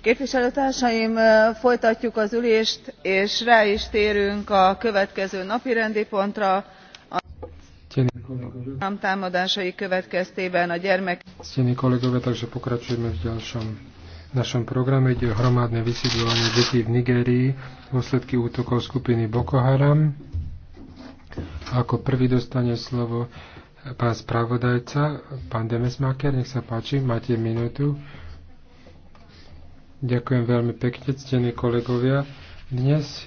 képviselőtársaim folytatjuk az ülést és rá is térünk a következő napirendi pontra támadásai következtében a gyermek. Ctení kolegovia, takže pokračujeme v ďalšom našom programe. kde hromadné vysídľovanie detí v Nigérii, dôsledky útokov skupiny Boko Haram. Ako prvý dostane slovo pán spravodajca, pán Demesmaker, nech sa páči, máte minútu. Ďakujem veľmi pekne, ctení kolegovia. Dnes